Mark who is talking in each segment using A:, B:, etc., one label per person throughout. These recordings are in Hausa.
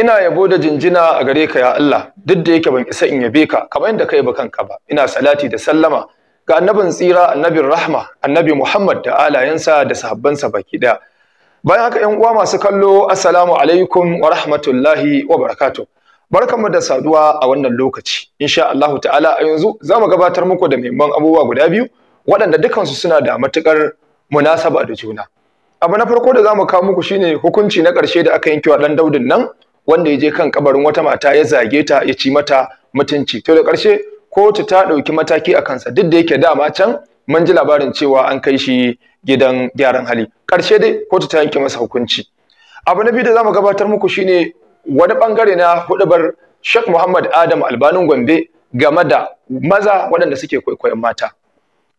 A: ina yabo da jinjina a gare ka ya Allah duk da yake ban isa in yabe ka kamar yadda kai ba kanka ba ina salati da sallama ga annabin tsira annabin rahma annabi Muhammad da alayansa da sahabbansa baki ɗaya. bayan haka ƴan uwa masu kallo assalamu alaikum wa rahmatullahi wa barakatuh barkanmu da saduwa a wannan lokaci insha Allah ta'ala a yanzu zamu gabatar muku da muhimman abubuwa guda biyu waɗanda dukansu suna da matukar munasaba da juna abu na farko da zamu kawo muku shine hukunci na ƙarshe da aka yanke wa dan Daudin nan wanda ya je kan kabarin wata mata ya zage ta ya ci mata mutunci to da ƙarshe kotu ta ɗauki mataki a kansa duk da yake dama can mun ji labarin cewa an kai shi gidan gyaran hali ƙarshe dai kotu ta yanke masa hukunci abu na biyu da zamu gabatar muku shine wani bangare na hudubar Sheikh Muhammad Adam Albanin Gombe game da maza waɗanda suke kwaikwayon mata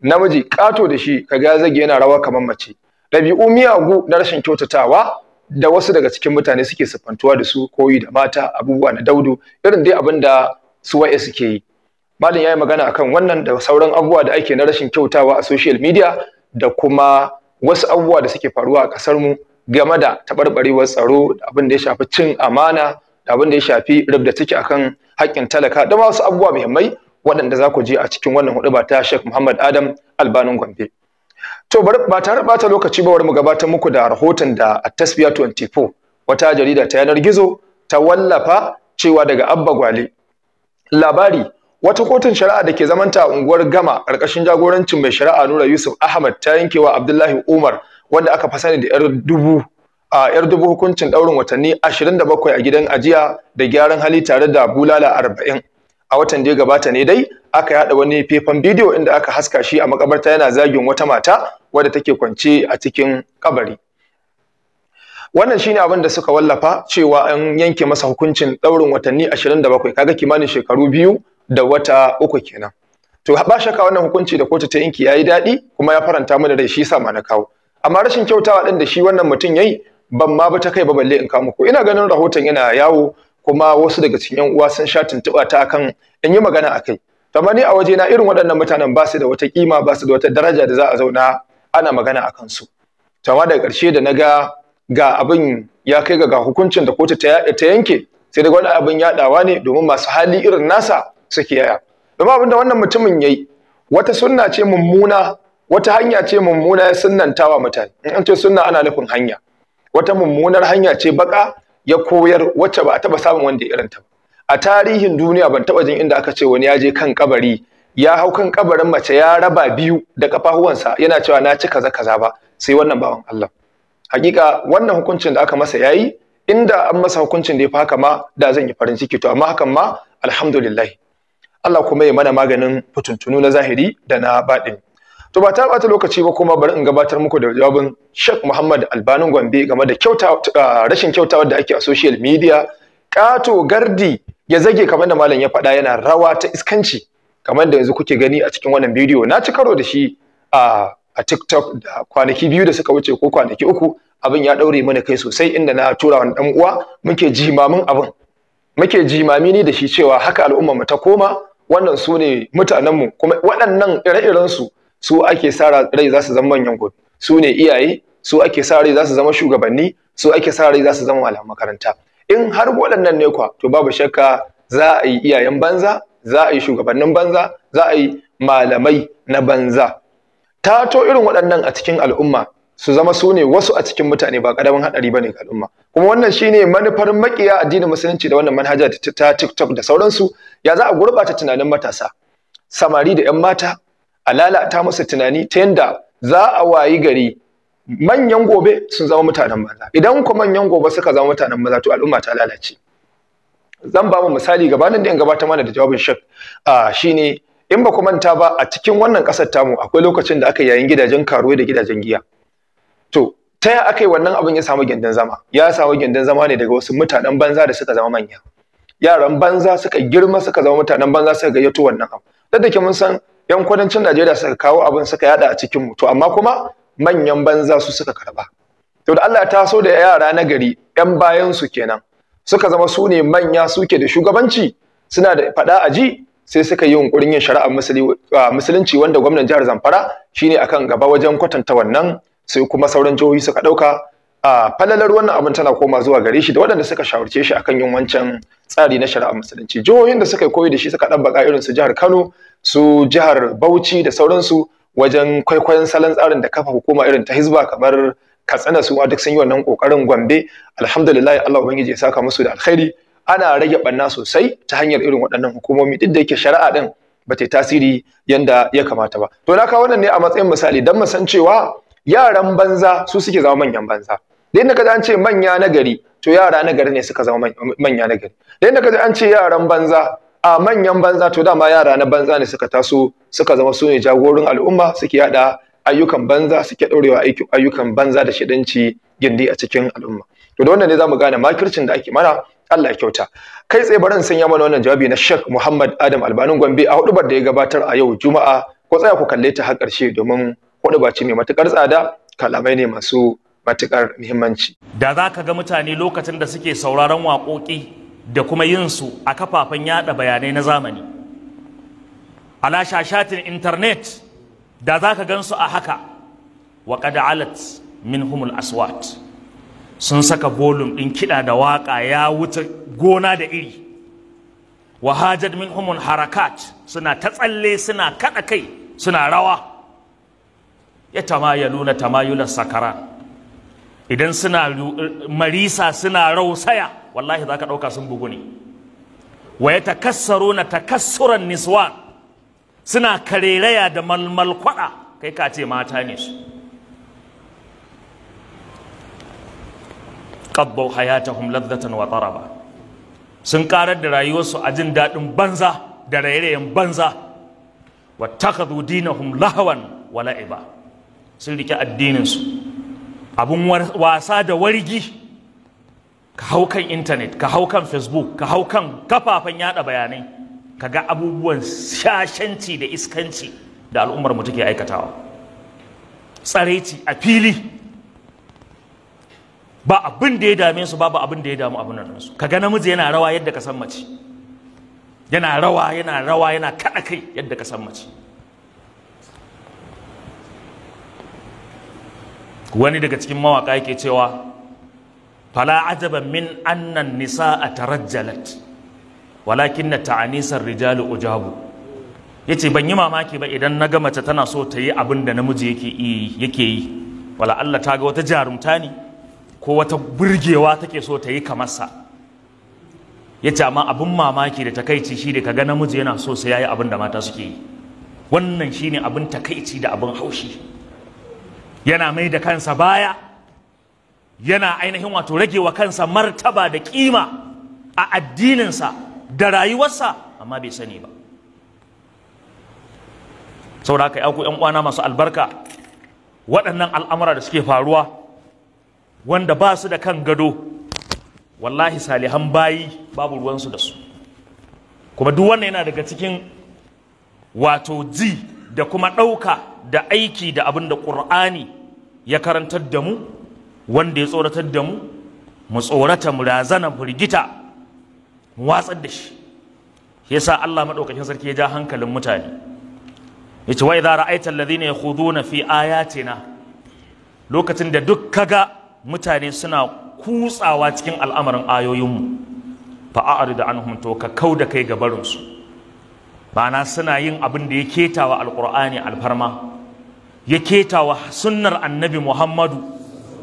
A: namiji ƙato da shi kaga zage yana rawa kamar mace Rabi'u miyagu na rashin kyautatawa da wasu daga cikin mutane suke siffantuwa da su koyi da mata abubuwa na daudu irin dai abin da su waye suke yi malam yi magana akan wannan da sauran abubuwa da ake na rashin kyautawa a social media da kuma wasu abubuwa da suke faruwa a kasar mu game da tabarbarewar tsaro da abin da ya shafi cin amana da abin da ya shafi rubda ciki akan haƙƙin talaka da wasu abubuwa muhimmai waɗanda za ku je a cikin wannan hudu ba ta Sheikh Muhammad Adam Albanin Gombe To bari ba tare bata lokaci ba bari mu gabatar muku da rahoton da Tasfiya 24 wata jarida ta yanar gizo ta wallafa cewa daga Abba Gwale. Labari wata kotun shari'a da ke zamanta a unguwar Gama ƙarƙashin jagorancin mai shari'a Nura Yusuf Ahmad ta yankewa Abdullahi Umar wanda aka fasani da yar dubu a yar dubu hukuncin ɗaurin watanni bakwai a gidan ajiya da gyaran hali tare da bulala arba'in, a watan da ya gabata ne dai aka yada wani fefan bidiyo inda aka haska shi a makabarta yana zagin wata mata wadda take kwance a cikin kabari wannan shine abin da suka wallafa cewa an yanke masa hukuncin daurin watanni 27 kaga kimanin shekaru biyu da wata uku kenan to ba shakka wannan hukunci da kotu ta yanki yayi dadi kuma ya faranta mana rai shi sa ma na kawo amma rashin kyautawa din da shi wannan mutum yayi ban ma ba ta kai ba balle in kawo muku ina ganin rahoton yana yawo kuma wasu daga cikin yan uwa sun sha tuntuba ta akan in yi magana akai to amma ni a waje na irin waɗannan mutanen ba su da wata kima ba su da wata daraja da za a zauna ana magana akan su to amma daga ƙarshe da na ga ga abin ya kai ga hukuncin da kotu ta yanke sai daga wani abin ya yaɗawa ne domin masu hali irin nasa suke yaya amma abinda wannan mutumin yayi wata sunna ce mummuna wata hanya ce mummuna ya sunnantawa mutane in an ce sunna ana nufin hanya wata mummunar hanya ce baka ya koyar wacce ba a taba samun wanda irin ta a tarihin duniya ban taba jin inda aka ce wani ya je kan kabari ya hau kan kabarin mace ya raba biyu da kafahuwansa yana cewa na ci kaza kaza ba sai wannan bawan Allah hakika wannan hukuncin da aka masa yayi inda an masa hukuncin da ya haka ma da zan yi farin ciki to amma hakan ma alhamdulillah Allah kuma ya mana maganin fituntunu na zahiri da na baɗin to ba ta bata lokaci ba kuma bari in gabatar muku da jawabin Sheikh Muhammad Albanin Gombe game da kyauta rashin kyautawar da ake a social media kato gardi ya zage kamar da malam ya faɗa yana rawa ta iskanci kamar da yanzu kuke gani a cikin wannan bidiyo na ci karo da shi a TikTok da kwanaki biyu da suka wuce ko kwanaki uku abin ya ɗaure mana kai sosai inda na tura wani dan uwa muke jimamin abin muke jimami ni da shi cewa haka al'umma mu ta koma wannan su ne mutanen mu kuma waɗannan ire-iren su su ake sa rai za su zama manyan gobe su ne iyaye su ake sa rai za su zama shugabanni su ake sa rai za su zama malaman makaranta in har waɗannan ne kwa to babu shakka za a yi iyayen banza za a yi shugabannin banza za a yi malamai na banza Ta to irin waɗannan a cikin al'umma su zama su ne wasu a cikin mutane ba haɗari ba ne ga al'umma kuma wannan shi ne manufar maƙiya, addinin musulunci da wannan manhaja ta TikTok da sauransu ya za a gurɓata tunanin matasa samari da 'yan mata a lalata musu tunani ta yanda za a wayi gari manyan gobe sun zama mutanen maza idan kuma manyan gobe suka zama mutanen maza to al'umma ta lalace zan ba mu misali gabanin da in gabata mana da jawabin shek ah, ne. in ba ku manta ba a cikin wannan kasar tamu akwai lokacin da aka yayin gidajen karuwa da gidajen giya to ta ya aka yi wannan abin ya samu gindin zama ya samu gindin zama ne daga wasu mutanen banza da suka zama manya yaran banza suka girma suka zama mutanen banza suka gayyato wannan abu duk da ke mun san yan kudancin Najeriya suka kawo abin suka yada a cikin mu to amma kuma manyan banza su suka karba to da Allah ta so da yara na gari yan bayan su kenan suka zama su ne manya suke da shugabanci suna da faɗa a ji sai suka yi yunkurin yin shari'ar musulunci wanda gwamnan jihar Zamfara shine akan gaba wajen kwatanta wannan sai kuma sauran jihohi suka dauka a falalar wannan abin tana koma zuwa gare shi da waɗanda suka shawarce shi akan yin wancan tsari na shari'ar musulunci jihohin da suka koyi da shi suka dan baka irin su jihar Kano su jihar Bauchi da sauransu wajen kwaikwayon salon tsarin da kafa hukuma irin ta Hizba kamar katsina su ma duk sun yi wannan kokarin gombe alhamdulillah Allah ubangiji ya saka musu da alkhairi ana rage banna sosai ta hanyar irin waɗannan hukumomi duk da yake shari'a din ba ta tasiri yanda ya kamata ba to na kawo wannan ne a matsayin misali dan mu san cewa yaran banza su suke zama manyan banza da yadda kaji ce manya na gari to yara na gari ne suka zama manya na gari da yadda an ce yaran banza a manyan banza to dama yara na banza ne suka taso suka zama su ne jagorin al'umma suke yada ayyukan banza suke ɗorewa ayyukan banza da shidanci gindi a cikin al'umma to da wannan ne zamu gane makircin da ake mana Allah ya kyauta kai tsaye barin in sanya mana wannan jawabi na Sheikh Muhammad Adam Albanin Gombe a hudubar da ya gabatar a yau Juma'a ko tsaya ku kalle ta har ƙarshe domin huduba ce mai matukar tsada kalamai ne masu matukar muhimmanci
B: da za ka ga mutane lokacin da suke sauraron waƙoƙi da kuma yin su a kafafen yada bayanai na zamani ala shashatin internet da za ka gan su a haka wa alat min humul aswat sun saka bolum ɗin kiɗa da waƙa ya wuce gona da iri wa hajjad min humul harakat suna ta tsalle suna kaɗa kai suna rawa ya tamayaluna tamayulan sakara idan suna eh, marisa suna rausaya wallahi za ka ɗauka sun bugu ne wa ya takassaru na takassuran niswan suna kareraya da malmalkwada kai ka ce mata ne su qaddau hayatahum ladzatan wa taraba sun karar da rayuwarsu a jin daɗin banza da rairayen banza wattakhadhu dinahum lahawan wa la'iba sun rike addinin su abun wasa da wargi ka hau kan intanet ka hau kan facebook ka hau kan kafafen yada bayanai kaga abubuwan shashanci da iskanci da al'ummar mu take aikatawa tsaraici a fili ba abin da ya dame su babu abin da ya damu abin nan su kaga namiji yana rawa yadda ka san mace yana rawa yana rawa yana kada kai yadda ka san mace wani daga cikin mawaka yake cewa fala ajaban min annan nisa a tarajjalat walakin na ta'anisar rijalu ujabu ce ban yi mamaki ba idan na ga mace tana so ta yi abin da namiji yake yi wala Allah ta ga wata jarumta ne ko wata burgewa take so ta yi kamar sa ce amma abin mamaki da takaici shi da kaga namiji yana so sai yayi abin da mata suke yi wannan shine abin takaici da abin haushi yana mai da kansa baya yana ainihin wato wa kansa martaba da kima a addininsa da rayuwarsa amma bai sani ba saboda haka yaku yan uwana masu albarka waɗannan al'amura da suke faruwa wanda ba su da kan gado wallahi salihan bayi babu ruwansu da su kuma duk wannan yana daga cikin wato ji da kuma ɗauka da aiki da abin da ƙur'ani ya karantar da mu wanda ya tsoratar da mu mu tsorata mu razana firgita watsar da shi shi yasa Allah madaukakin sarki ya ja hankalin mutane yace wa idza ra'aita alladhina yakhuduna fi ayatina lokacin da duk kaga mutane suna kutsawa cikin al'amarin ayoyinmu fa a'rid anhum to ka kauda kai ga barin su bana suna yin abin da ya ketawa alqur'ani alfarma ya ketawa sunnar annabi Muhammadu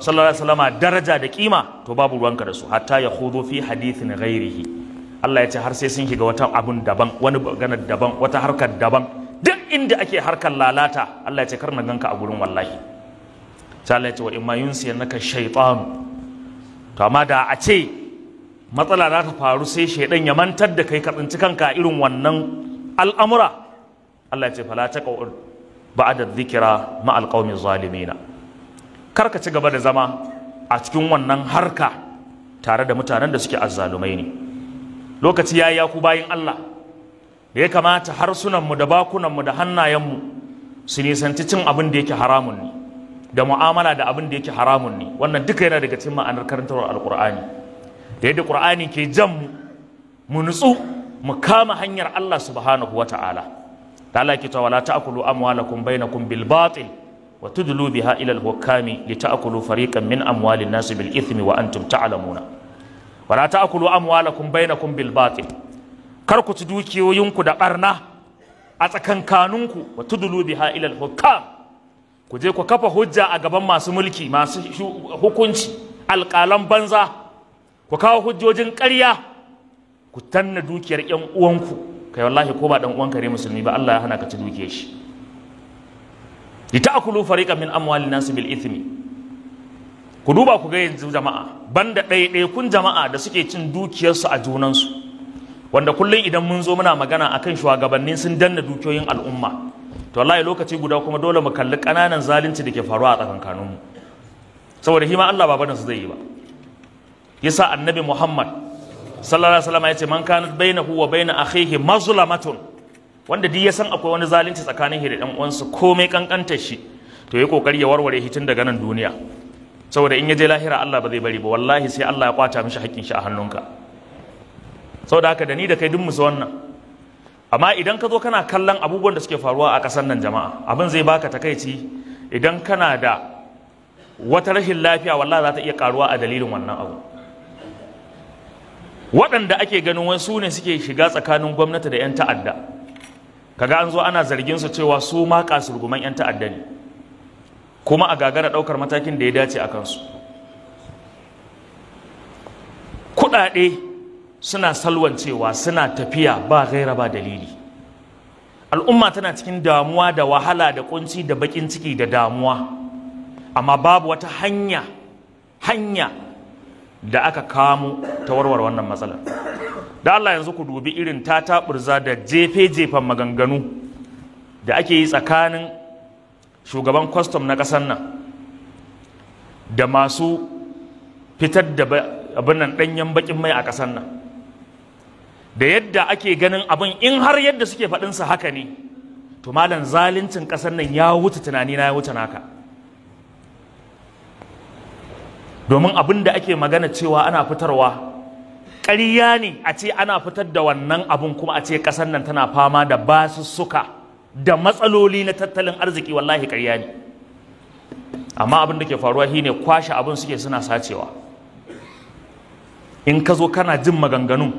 B: sallallahu alaihi wasallama daraja da kima to babu ruwanka da su hatta ya fi hadithin ghairihi Allah ya ce har sai sun shiga wata abun daban wani gana daban wata harkar daban duk inda ake harkar lalata Allah ya ce kar na ganka a gurin wallahi sai Allah ya ce wa imma naka shaytanu to amma da a ce matsala za ta faru sai shaidan ya mantar da kai ka tsinci kanka irin wannan al'amura Allah ya ce fala qaul ba'da dhikra ma alqaumi zalimina kar ka ci gaba da zama a cikin wannan harka tare da mutanen da suke azzalumai ne lokaci ya yi ya ku bayin Allah da ya kamata harsunanmu da bakunanmu da hannayenmu su nisanci cin abin da yake haramun ne da mu'amala da abin da yake haramun ne wannan duka yana daga cikin ma'anar karantarwar alkur'ani da yadda qur'ani ke jan mu mu nutsu mu kama hanyar Allah subhanahu wa ta'ala da Allah ke tawala ta'kulu amwalakum bainakum bil batil wa tudlu biha ila al hukami li ta'kulu fariqan min amwalin nas bil ithmi wa antum ta'lamuna wala ta'kulu amwalakum bainakum bil batil kar ku ci dukiyoyinku da barna a kanunku wa tudulu biha ila al hukam ku je ku kafa hujja a gaban masu mulki masu hukunci alƙalan banza ku kawo hujjojin ƙarya ku tanna dukiyar ƴan uwanku kai wallahi ko ba dan uwanka ne musulmi ba Allah ya hana ka ci dukiyar shi lita'kulu fariqan min amwalin nas bil ithmi ku duba ku ga yanzu jama'a banda ɗaiɗaikun jama'a da suke cin dukiyarsu a junansu wanda kullum idan mun zo muna magana a kan shugabannin sun danna dukiyoyin al'umma to wallahi lokaci guda kuma dole mu kalli ƙananan zalunci da ke faruwa a tsakankaninmu saboda hima Allah ba barin su zai yi ba yasa annabi Muhammad sallallahu alaihi wasallam ya ce man kana bainahu wa bain akhihi mazlamatun wanda duk ya san akwai wani zalunci tsakanin shi da dan uwansa komai kankantar shi to ya kokari ya warware hitin daga nan duniya saboda in ya je lahira Allah ba zai bari ba wallahi sai Allah ya kwata mishi haƙƙin shi a hannunka saboda haka da ni da kai duk musu wannan amma idan ka zo kana kallon abubuwan da suke faruwa a ƙasar nan jama'a abin zai baka takaici idan kana da wata rashin lafiya wallahi za ta iya karuwa a dalilin wannan abu waɗanda ake ganin wai su ne suke shiga tsakanin gwamnati da 'yan ta'adda kaga an zo ana zargin su cewa su ma kasurguman 'yan ta'adda ne kuma a gagara ɗaukar matakin da ya dace a kansu kuɗaɗe suna salwancewa suna tafiya ba gaira ba dalili al'umma tana cikin damuwa da wahala da kunci da baƙin ciki da damuwa amma babu wata hanya hanya da aka kamo ta warware wannan matsalar da Allah yanzu ku dubi irin ta taɓurza da jefe-jefen maganganu da ake yi tsakanin shugaban kwastom na ƙasar nan da masu fitar da abin nan ɗanyen baƙin mai a ƙasar nan da yadda ake ganin abin in har yadda suke faɗinsa haka ne to malam zaluncin ƙasar nan ya wuce tunani na ya wuce naka domin abin da ake magana cewa ana fitarwa ƙarya ne a ce ana fitar da wannan abin kuma a ce ƙasar nan tana fama da basussuka da matsaloli na tattalin arziki wallahi karya ne amma abin da ke faruwa ne kwashe abin suke suna sacewa in ka zo kana jin maganganun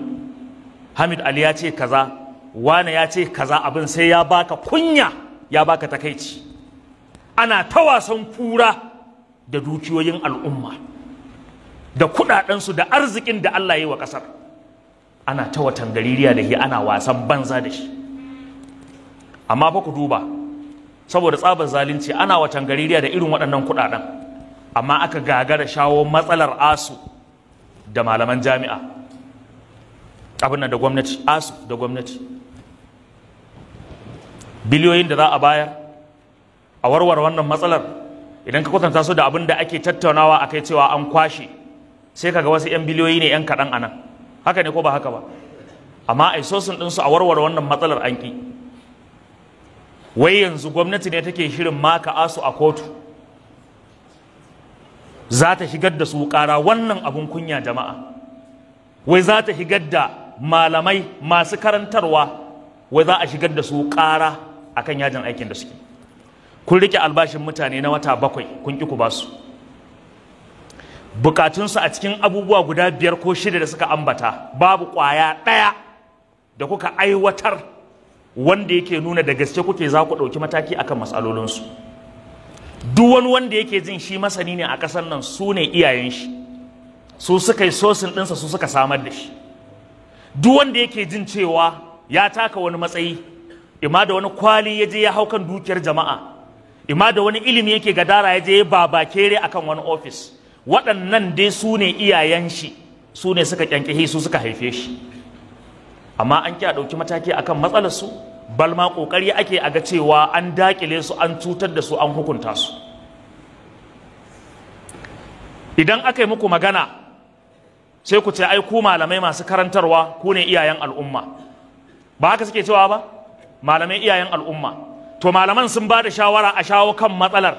B: hamid ali ya ce kaza wane ya ce kaza abin sai ya baka kunya ya baka takaici ana ta wasan kura da dukiyoyin al'umma da kudadensu da arzikin da Allah ya yi wa kasar ana ta watan gaririya da shi ana wasan banza da shi amma fa ku duba saboda tsabar zalunci ana wacan gaririya da irin waɗannan kuɗaɗen amma aka gagara shawo matsalar asu da malaman jami'a abin da gwamnati asu da gwamnati biliyoyin da za a bayar a warware wannan matsalar idan ka kwatanta su da abin da ake tattaunawa a kai cewa an kwashe sai kaga wasu 'yan biliyoyi ne 'yan kaɗan a nan haka ne ko ba haka ba amma a sosin ɗinsu a warware wannan matsalar an ƙi wai yanzu gwamnati ne take shirin maka asu a kotu za ta shigar da su kara wannan abun kunya jama'a wai za ta shigar da malamai masu karantarwa wai za a shigar da su kara kan yajin aikin da suke kun rike albashin mutane na wata bakwai kun ƙi ku ba basu bukatunsu a cikin abubuwa guda biyar ko shida da suka ambata babu kwaya ɗaya da kuka aiwatar wanda yake nuna da gaske kuke za ku ɗauki mataki akan matsalolinsu duk wani wanda yake jin shi masani ne a ƙasar nan su ne iyayen shi su suka yi sosin ɗinsa su suka samar da shi duk wanda yake jin cewa ya taka wani matsayi ima da wani kwali ya je ya hau kan dukiyar jama'a ima da wani ilimi yake gadara ya je ya a akan wani ofis waɗannan dai su ne iyayen shi su ne suka kyankyahi su suka haife shi amma an ƙi ɗauki mataki akan matsalar su balma kokari ake a ga cewa an dakile su an cutar da su an hukunta su idan aka yi muku magana sai ku ce ai ku malamai masu karantarwa ku ne iyayen al'umma ba haka suke cewa ba malamai iyayen al'umma to malaman sun ba da shawara a shawo kan matsalar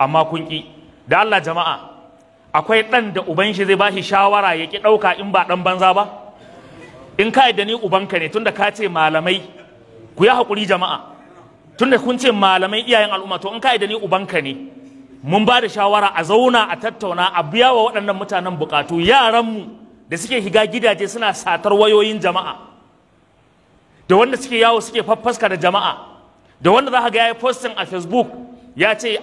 B: amma kun ƙi da Allah jama'a akwai ɗan da uban shi zai ba shi shawara ya ki ɗauka in ba ɗan banza ba in ka da ni ka ne tunda ka ce malamai ku yi haƙuri jama'a tunda kun ce malamai iyayen al'umma to in ka da ni ubanka ne mun ba da shawara a zauna a tattauna a biya wa waɗannan mutanen buƙatu yaranmu da suke higa gidaje suna satar wayoyin jama'a da wanda suke yawo suke faffaska da jama'a da wanda za ka ga ya yi postin a facebook ya ce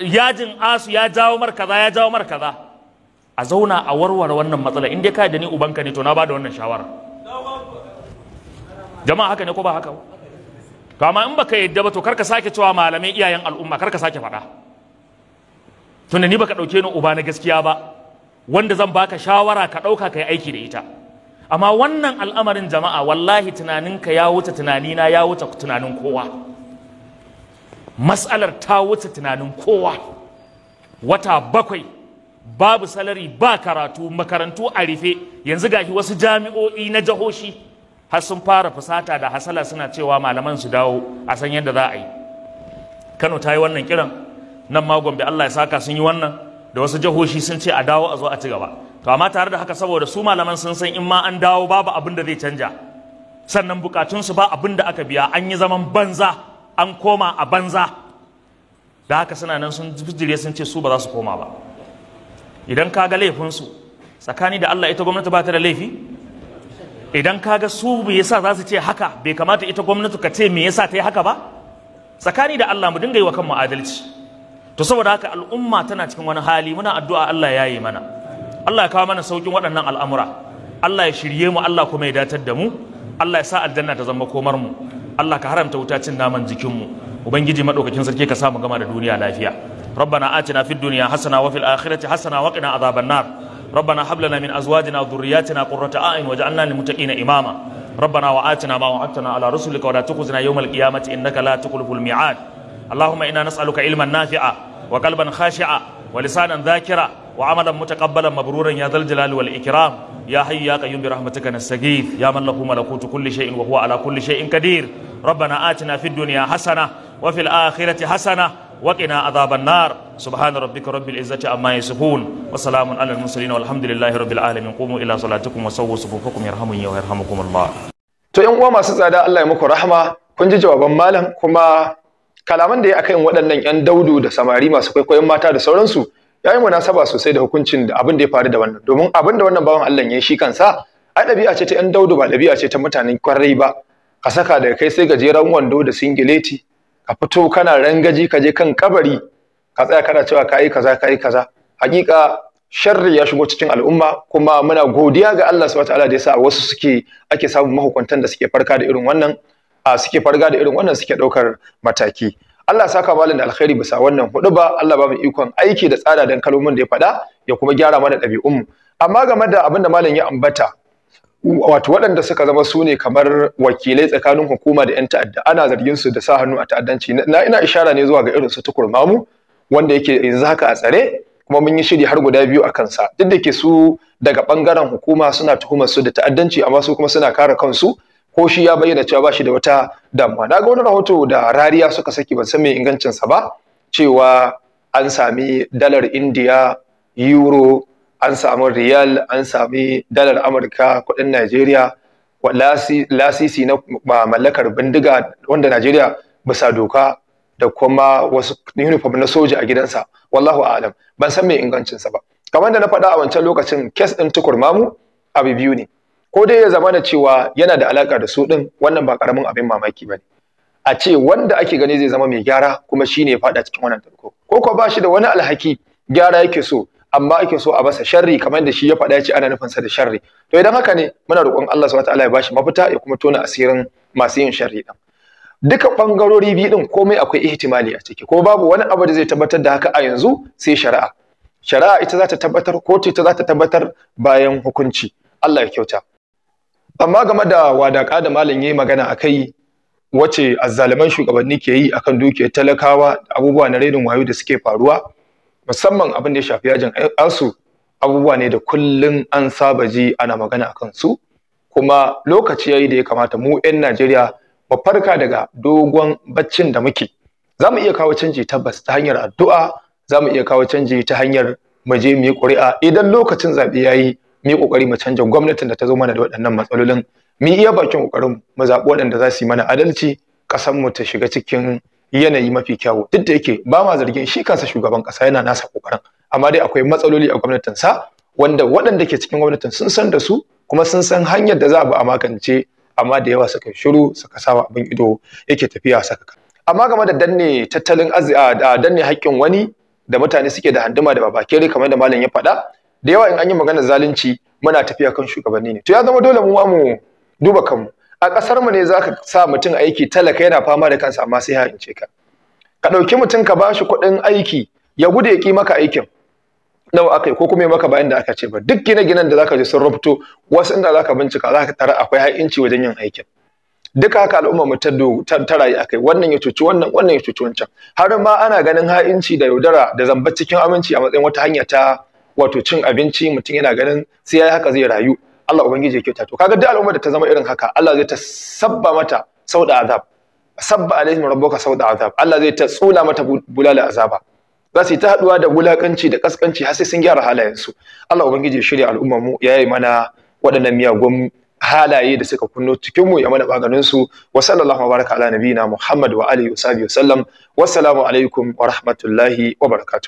B: yajin asu ya jawo mar kaza ya jawo mar kaza a zauna a warware wannan matsala in dai ka da ni ubanka ne to na bada wannan shawara jama'a haka ne ko ba haka ba to amma in baka yadda ba to karka sake cewa malamai iyayen al'umma karka sake faɗa tunda ni baka ɗauke ni uba na gaskiya ba wanda zan baka shawara ka ɗauka ka yi aiki da ita amma wannan al'amarin jama'a wallahi tunaninka ya wuce tunanina ya wuce tunanin kowa matsalar ta wuce tunanin kowa wata bakwai babu salari ba karatu makarantu a rufe yanzu gashi wasu jami'o'i na jahoshi har sun fara fusata da hasala suna cewa malaman su dawo a san yadda za a yi kano ta yi wannan kiran nan ma gombe allah ya saka sun yi wannan da wasu jihohi sun ce a dawo a zo a ci gaba to amma tare da haka saboda su malaman sun san in ma an dawo babu abin da zai canja sannan bukatunsu ba abin da aka biya an yi zaman banza an koma a banza da haka suna nan sun bijire sun ce su ba za su koma ba idan ka ga laifinsu tsakani da allah ita gwamnati ba ta da laifi idan ka ga su yasa za su ce haka bai kamata ita gwamnati ka ce me yasa ta yi haka ba tsakani da Allah mu dinga yi wa kanmu adalci to saboda haka al'umma tana cikin wani hali muna addu'a Allah ya yi mana Allah ya kawo mana saukin waɗannan al'amura Allah ya shirye mu Allah kuma ya datar da mu Allah ya sa aljanna ta zama komar mu Allah ka haramta wuta cin naman jikin mu ubangiji madaukakin sarki ka samu gama da duniya lafiya ربنا آتنا في الدنيا حسنة وفي الآخرة حسنة وقنا عذاب النار ربنا هب لنا من أزواجنا وذرياتنا قرة أعين واجعلنا للمتقين إماما ربنا وآتنا ما وعدتنا على رسلك ولا تخزنا يوم القيامة إنك لا تخلف الميعاد اللهم إنا نسألك علما نافعا وقلبا خاشعا ولسانا ذاكرا وعملا متقبلا مبرورا يا ذا الجلال والإكرام يا حي يا قيوم برحمتك نستغيث يا من له ملكوت كل شيء وهو على كل شيء قدير ربنا آتنا في الدنيا حسنة وفي الآخرة حسنة وقنا عذاب النار سبحان ربك رب العزة عما يصفون وسلام على المرسلين والحمد لله رب العالمين قوموا إلى صلاتكم وسووا صفوفكم يرحمني ويرحمكم الله
A: to yan uwa masu tsada Allah ya muku rahama kun ji jawaban malam kuma kalaman da ya akan waɗannan yan daudu da samari masu kwaikwayon mata da sauransu ya yi munasaba sosai da hukuncin da abin da ya faru da wannan domin abin da wannan bawan Allah ya shi kansa ai ɗabi'a ce ta yan daudu ba ɗabi'a ce ta mutanen kwarai ba ka saka daga kai sai gajeren wando da singileti ka fito kana rangaji ka je kan kabari ka tsaya kana cewa ka yi kaza ka yi kaza hakika sharri ya shigo cikin al'umma kuma muna godiya ga Allah subhanahu wataala da yasa wasu suke ake samun mahukuntan da suke farka da irin wannan suke farga da irin wannan suke daukar mataki Allah saka malin da alkhairi bisa wannan hudu ba Allah ba mu ikon aiki da tsada dan kalmomin da ya faɗa ya kuma gyara mana ɗabi'un amma game da abinda malin ya ambata wato waɗanda suka zama su ne kamar wakilai tsakanin hukuma da 'yan ta'adda ana zargin su da sa hannu a ta'addanci na ina ishara ne zuwa ga irin su tukur mamu wanda yake yanzu haka a tsare kuma mun yi shiri har guda biyu a kansa duk da ke su daga bangaren hukuma suna tuhumar su da ta'addanci amma su kuma suna kare kansu ko shi ya bayyana cewa ba shi da wata damuwa na ga wani rahoto da rariya suka saki ban san mai ingancinsa ba cewa an sami dalar indiya euro an samu riyal an sami dalar amurka kuɗin najeriya lasisi na mallakar bindiga wanda najeriya bisa doka da kuma wasu uniform na soja a gidansa wallahu alam ban san mai ingancinsa ba kamar da na faɗa a wancan lokacin kes ɗin mu, abu biyu ne ko dai ya zama da cewa yana da alaƙa da su ɗin wannan ba ƙaramin abin mamaki ba ne a ce wanda ake gani zai zama mai gyara kuma shine ya faɗa cikin wannan tarko ko ko ba shi da wani alhaki gyara yake so amma ake so a basa sharri kamar da shi ya faɗa ci ana nufinsa da sharri to idan haka ne muna roƙon Allah subhanahu wataala ya bashi mafita ya kuma tona asirin masu yin sharri din duka bangarori biyu din komai akwai ihtimali a ciki ko babu wani abu da zai tabbatar da haka a yanzu sai shari'a shari'a ita za ta tabbatar ko ita za ta tabbatar bayan hukunci Allah ya kyauta amma game da wadaka da malam yayi magana akai wace azzaliman shugabanni ke yi akan dukiyar talakawa abubuwa na rainin wayo da suke faruwa musamman abin da ya shafi yajin asu abubuwa ne da kullun an saba ji ana magana akan su kuma lokaci yayi da ya kamata mu 'yan Najeriya mu farka daga dogon baccin da muke zamu iya kawo canji tabbas ta hanyar addu'a zamu iya kawo canji ta hanyar mu je mu yi ƙuri'a idan lokacin zaɓe yayi yi mu yi ƙoƙari mu canja gwamnatin da ta zo mana da waɗannan matsalolin mu iya bakin ƙoƙarin mu zaɓi waɗanda za su yi mana adalci ƙasar mu ta shiga cikin yanayi mafi kyawu duk da yake ba ma zargin shi kansa shugaban kasa yana nasa kokarin amma dai akwai matsaloli a gwamnatin sa wanda waɗanda ke cikin gwamnatin sun san da su kuma sun san hanyar da za a bi a magance amma da yawa suka shiru suka sawa abin ido yake tafiya saka amma game da danne tattalin arziki danne haƙƙin wani da mutane suke da handuma da babakere kamar da malam ya faɗa da yawa in an yi magana zalunci muna tafiya kan shugabanni ne to ya zama dole mu mu duba kanmu a ƙasar mu ne ka sa mutum aiki talaka yana fama da kansa amma sai ya harince ka ka ɗauki mutum ka shi kuɗin aiki ya gude ya ƙi maka aikin nawa aka yi ko kuma maka bayan da aka ce ba duk gine-ginen da za ka je sun rubuto wasu inda za ka bincika za ka tara akwai ha'inci wajen yin aikin duka haka al'umma mu ta ta rayu akai wannan ya cuci wannan wannan ya cuci wancan har ma ana ganin ha'inci da yaudara da zamba cikin aminci a matsayin wata hanya ta wato cin abinci mutum yana ganin sai yi haka zai rayu Allah ubangiji ya kyauta to kaga duk al'ummar da ta zama irin haka Allah zai ta sabba mata sauda azab sabba alaihim rabbuka sauda azab Allah zai ta tsula mata bulala azaba za su ta haduwa da wulakanci da kaskanci har sai sun gyara halayensu Allah ubangiji ya shirya al'ummar mu ya yi mana waɗannan miyagun halaye da suka kunno cikin mu ya mana maganin su wa sallallahu wa baraka ala nabiyina Muhammad wa alihi wa sahbihi wa sallam wassalamu alaikum wa rahmatullahi wa barakatuh